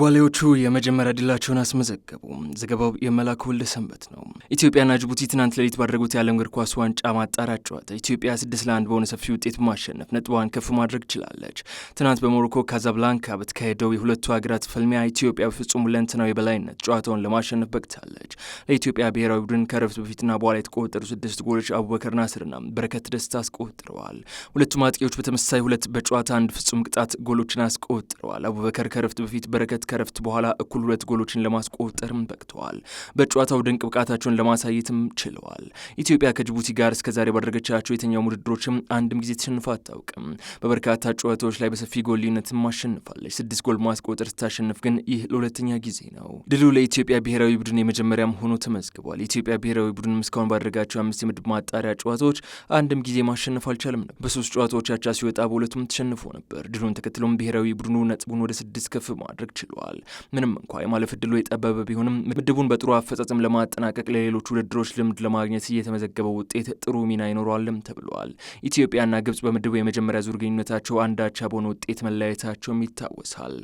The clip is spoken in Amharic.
ዋሊያዎቹ የመጀመሪያ ድላቸውን አስመዘገቡ። ዘገባው የመላኩ ወልደ ሰንበት ነው። ኢትዮጵያና ጅቡቲ ትናንት ሌሊት ባደረጉት የዓለም እግር ኳስ ዋንጫ ማጣሪያ ጨዋታ ኢትዮጵያ ስድስት ለአንድ በሆነ ሰፊ ውጤት በማሸነፍ ነጥቧን ከፍ ማድረግ ችላለች። ትናንት በሞሮኮ ካዛብላንካ በተካሄደው የሁለቱ ሀገራት ፍልሚያ ኢትዮጵያ በፍጹም ሁለንተናዊ በላይነት ጨዋታውን ለማሸነፍ በቅታለች። ለኢትዮጵያ ብሔራዊ ቡድን ከረፍት በፊትና በኋላ የተቆጠሩ ስድስት ጎሎች አቡበከር ናስርና በረከት ደስታ አስቆጥረዋል። ሁለቱም አጥቂዎች በተመሳሳይ ሁለት በጨዋታ አንድ ፍጹም ቅጣት ጎሎችን አስቆጥረዋል። አቡበከር ከረፍት በፊት በረከት በሂደት ከረፍት በኋላ እኩል ሁለት ጎሎችን ለማስቆጠርም በቅተዋል። በጨዋታው ድንቅ ብቃታቸውን ለማሳየትም ችለዋል። ኢትዮጵያ ከጅቡቲ ጋር እስከዛሬ ባደረገቻቸው የትኛውም ውድድሮችም አንድም ጊዜ ተሸንፋ አታውቅም። በበርካታ ጨዋታዎች ላይ በሰፊ ጎል ልዩነትም አሸንፋለች። ስድስት ጎል ማስቆጠር ስታሸንፍ ግን ይህ ለሁለተኛ ጊዜ ነው። ድሉ ለኢትዮጵያ ብሔራዊ ቡድን የመጀመሪያም ሆኖ ተመዝግቧል። የኢትዮጵያ ብሔራዊ ቡድንም እስካሁን ባደረጋቸው አምስት የምድብ ማጣሪያ ጨዋታዎች አንድም ጊዜ ማሸነፍ አልቻለም ነበር። በሶስት ጨዋታዎች አቻ ሲወጣ በሁለቱም ተሸንፎ ነበር። ድሉን ተከትሎም ብሔራዊ ቡድኑ ነጥቡን ወደ ስድስት ከፍ ማድረግ ችሏል። ችሏል። ምንም እንኳ የማለፍ ዕድሉ የጠበበ ቢሆንም ምድቡን በጥሩ አፈጻጸም ለማጠናቀቅ ለሌሎች ውድድሮች ልምድ ለማግኘት እየተመዘገበው ውጤት ጥሩ ሚና ይኖረዋልም ተብለዋል። ኢትዮጵያና ግብጽ በምድቡ የመጀመሪያ ዙር ግንኙነታቸው አንዳቻ በሆነ ውጤት መለያየታቸውም ይታወሳል።